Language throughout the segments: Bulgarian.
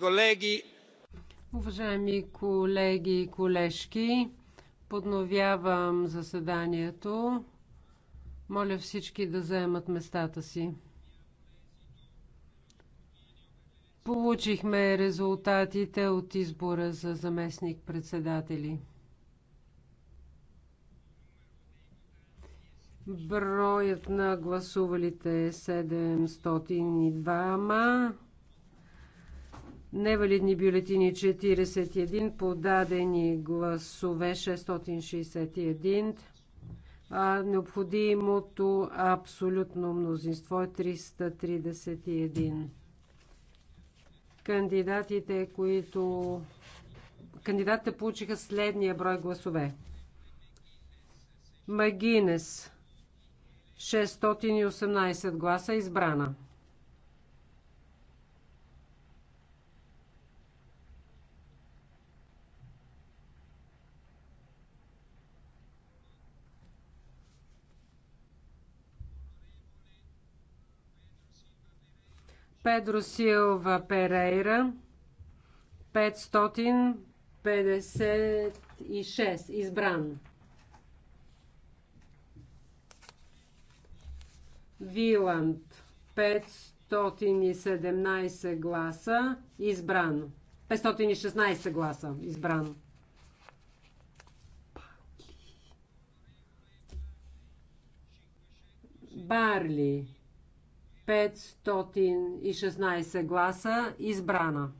колеги! Уважаеми колеги и колежки, подновявам заседанието. Моля всички да заемат местата си. Получихме резултатите от избора за заместник-председатели. Броят на гласувалите е 702 невалидни бюлетини 41, подадени гласове 661, а необходимото абсолютно мнозинство е 331. Кандидатите, които... Кандидатите получиха следния брой гласове. Магинес 618 гласа избрана. Педро Силва Перейра 556 избран. Виланд 517 гласа избран. 516 гласа избран. Барли 516 гласа избрана.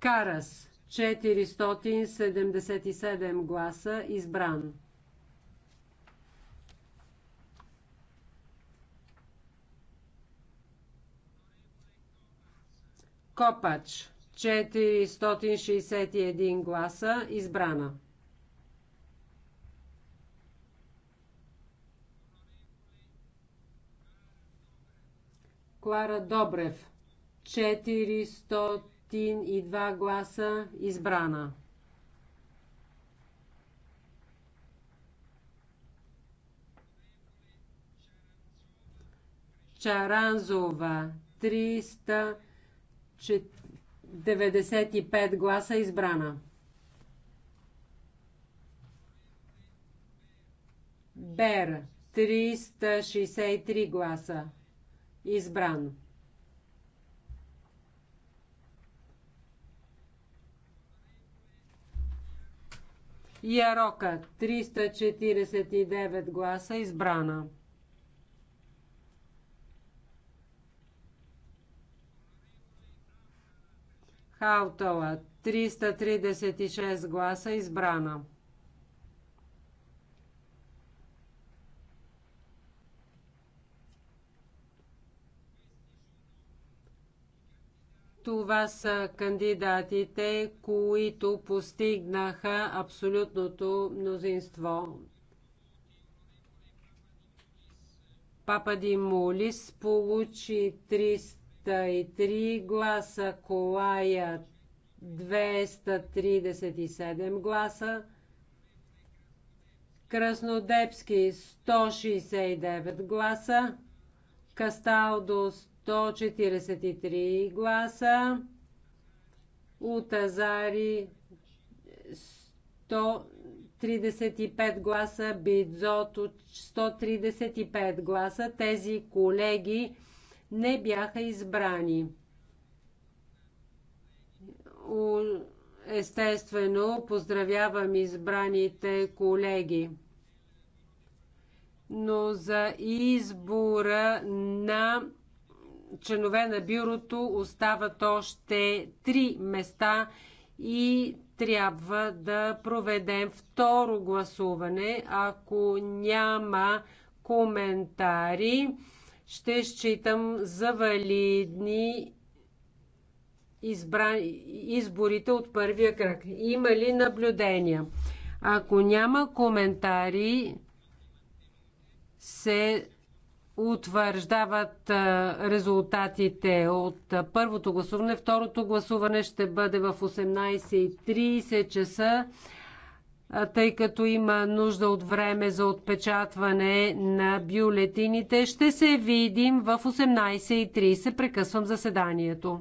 Карас 477 гласа избран. Копач 461 гласа избрана. Клара Добрев. 402 гласа избрана. Чаранзова 395 гласа избрана. Бер 363 гласа избрано. Ярока 349 гласа избрана. Хаутала 336 гласа избрана. Това са кандидатите, които постигнаха абсолютното мнозинство. Папа Молис получи 303 гласа, Колая 237 гласа, Краснодепски 169 гласа, Касталдо 143 гласа, Утазари 135 гласа, Бидзото 135 гласа. Тези колеги не бяха избрани. Естествено, поздравявам избраните колеги. Но за избора на членове на бюрото остават още три места и трябва да проведем второ гласуване. Ако няма коментари, ще считам за валидни избра... изборите от първия кръг. Има ли наблюдения? Ако няма коментари, се утвърждават резултатите от първото гласуване. Второто гласуване ще бъде в 18.30 часа, тъй като има нужда от време за отпечатване на бюлетините. Ще се видим в 18.30. Прекъсвам заседанието.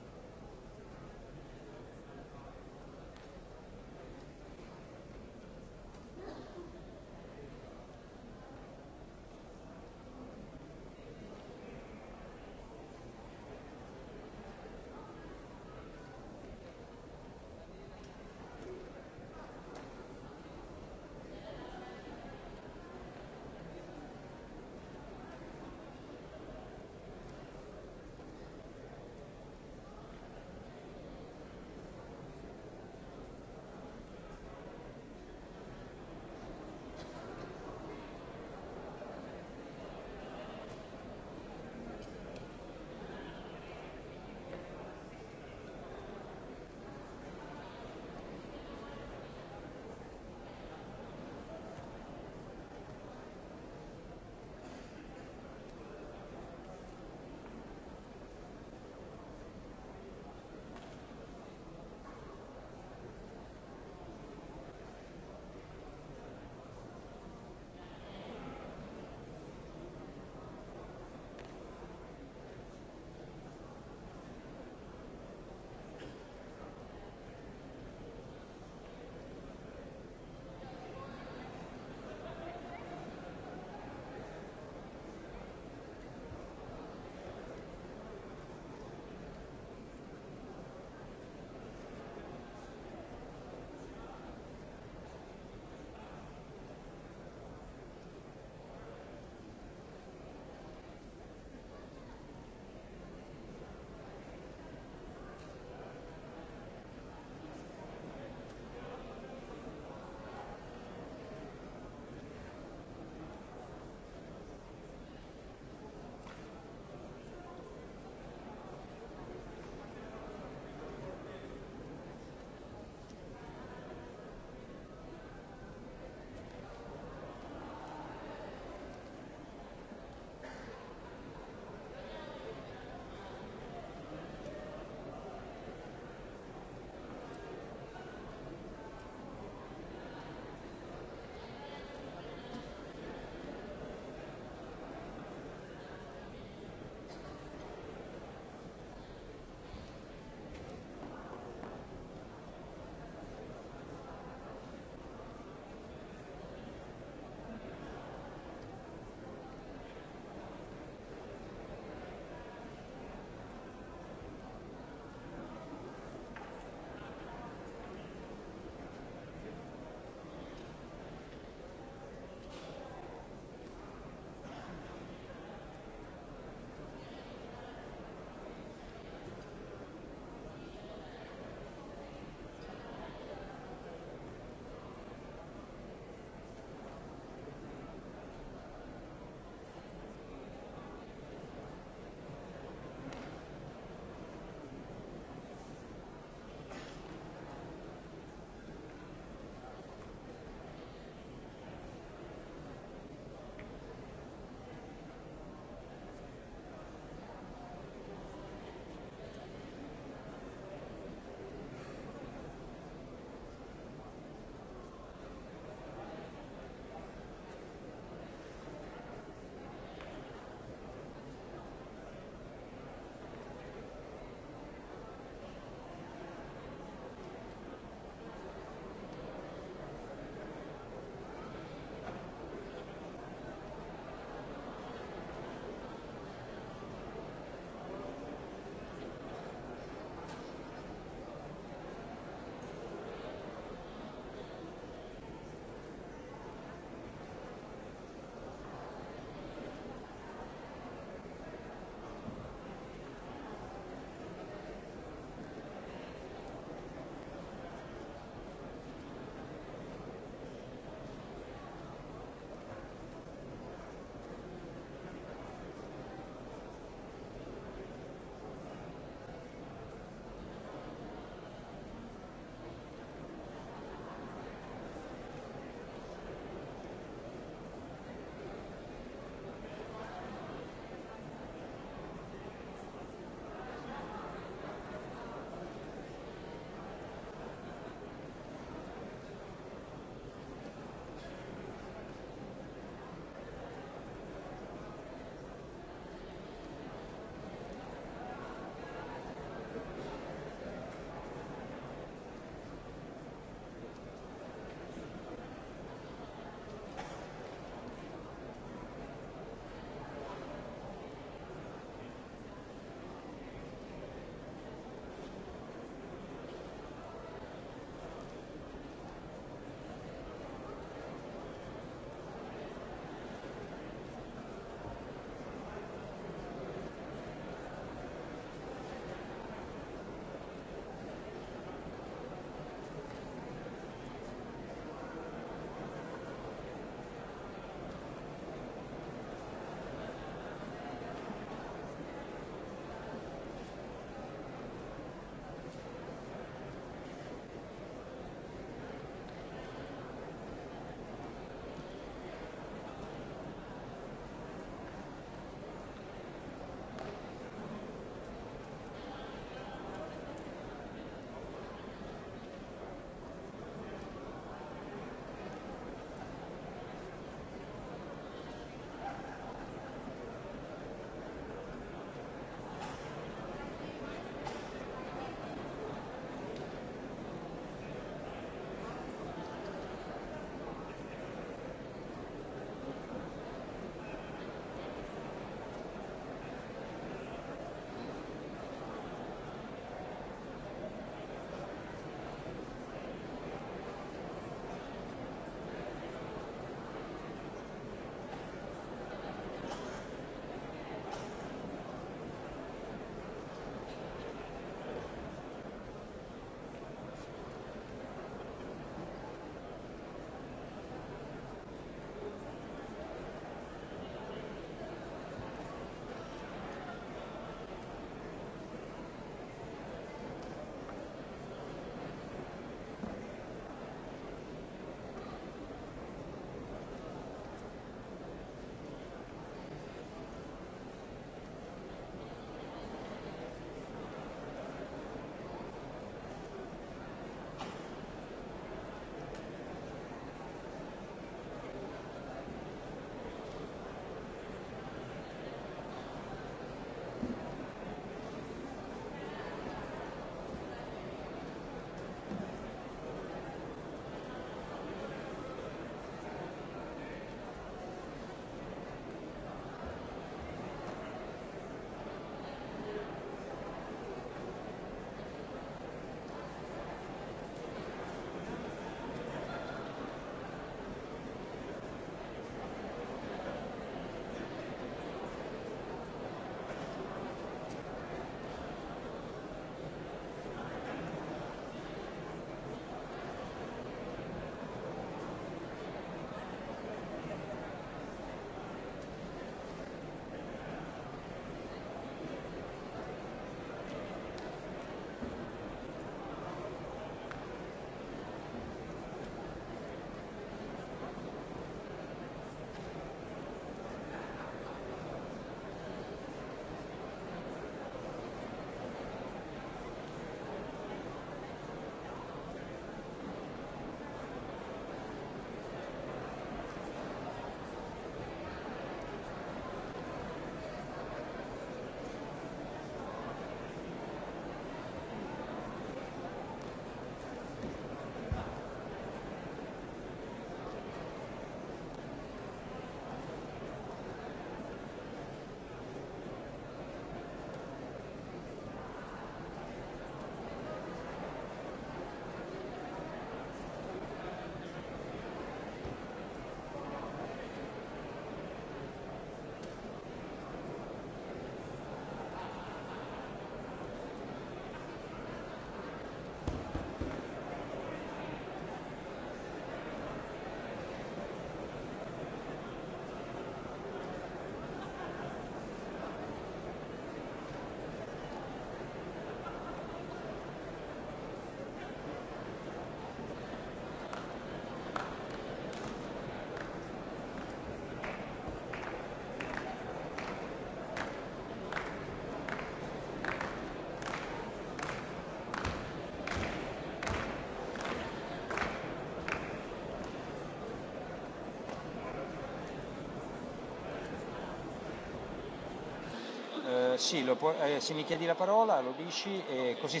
sì, lo può, eh, se mi chiedi la parola lo dici e così.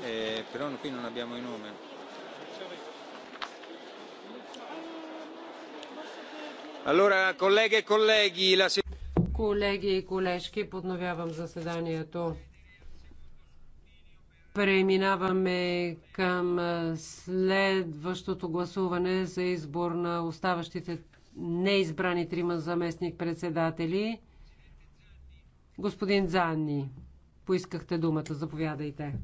Eh, però qui non abbiamo i nomi. Allora, colleghe e colleghi, la... Колеги и колежки, подновявам заседанието. Преминаваме към следващото гласуване за избор на оставащите неизбрани трима заместник председатели. Господин Занни, поискахте думата. Заповядайте.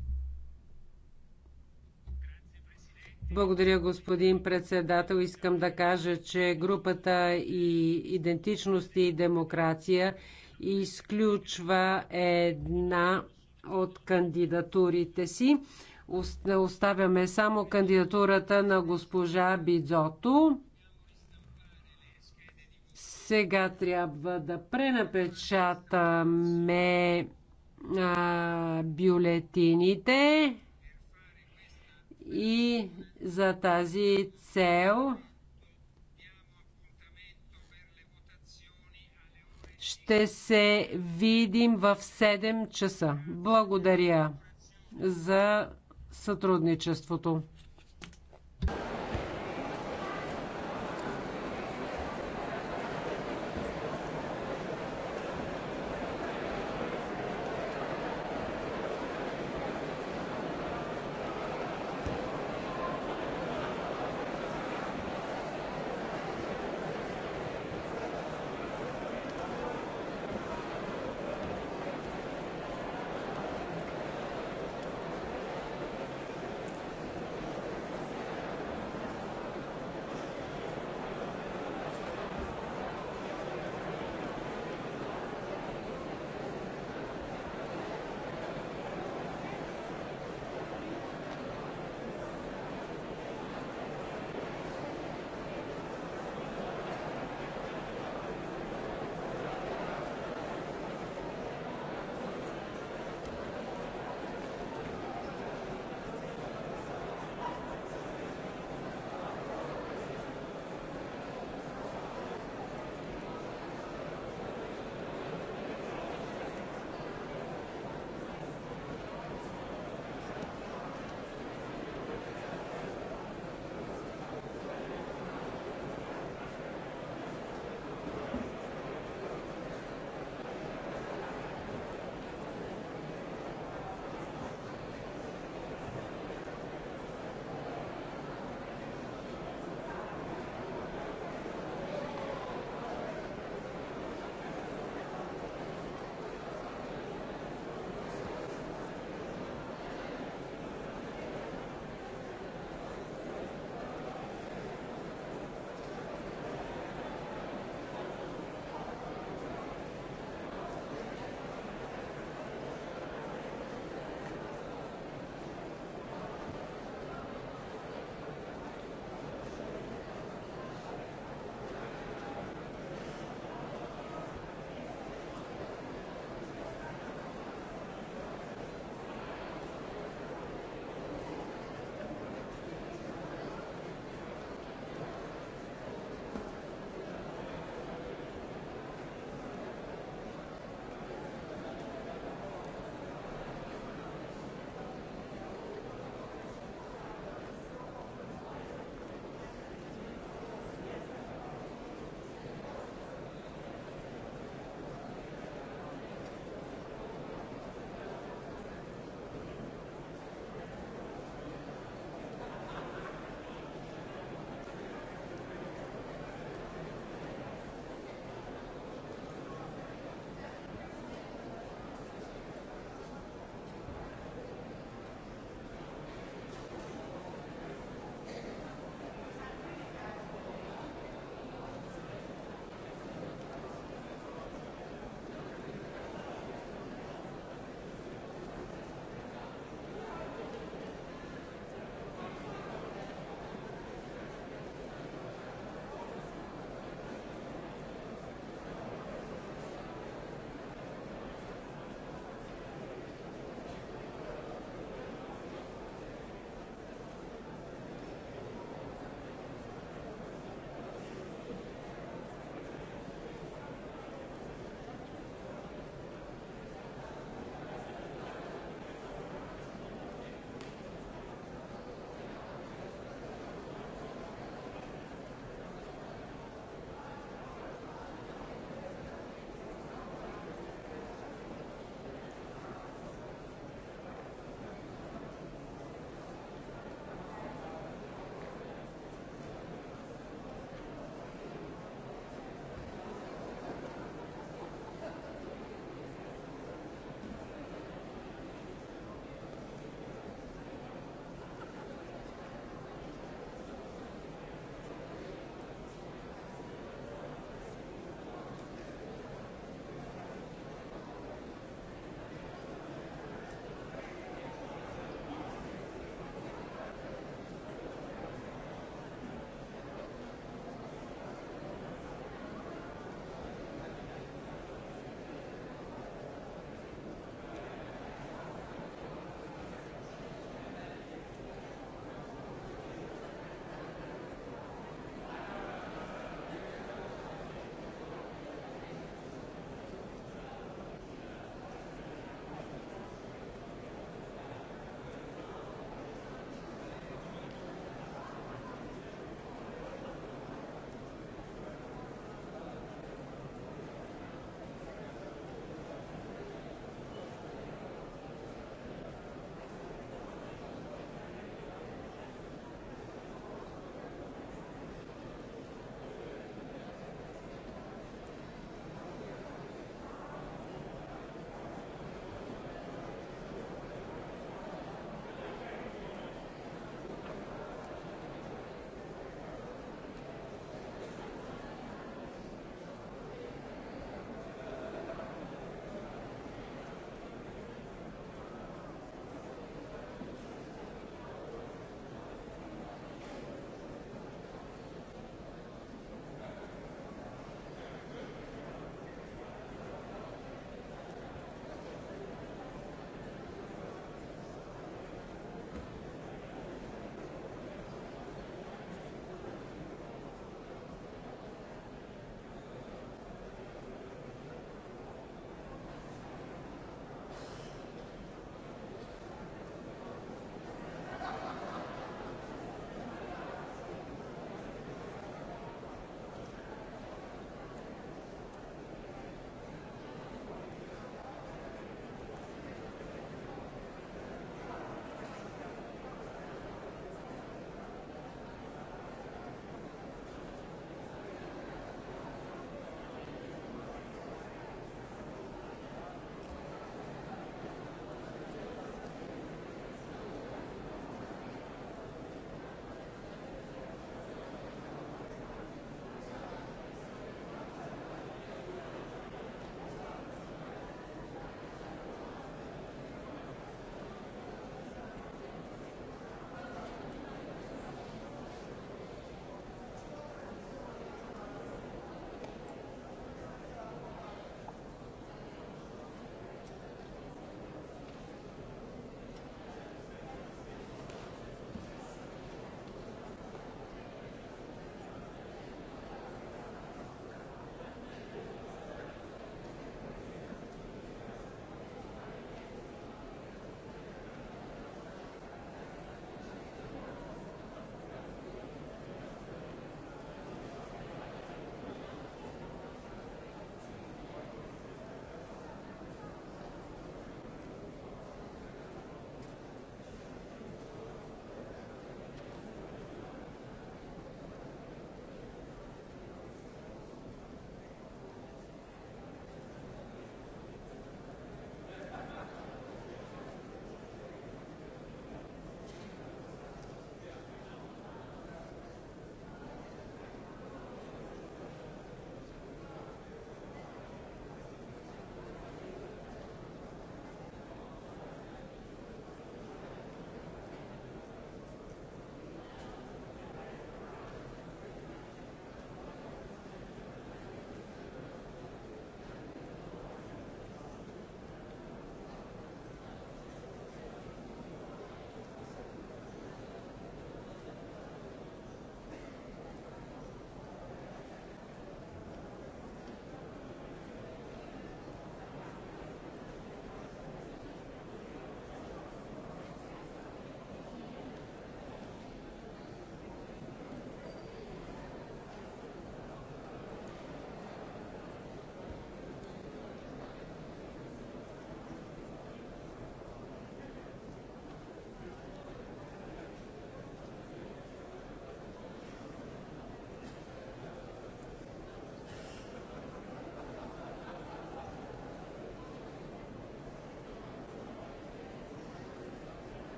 Благодаря, господин председател. Искам да кажа, че групата и идентичност и демокрация изключва една от кандидатурите си. Оставяме само кандидатурата на госпожа Бидзото. Сега трябва да пренапечатаме а, бюлетините и за тази цел Ще се видим в 7 часа. Благодаря за сътрудничеството.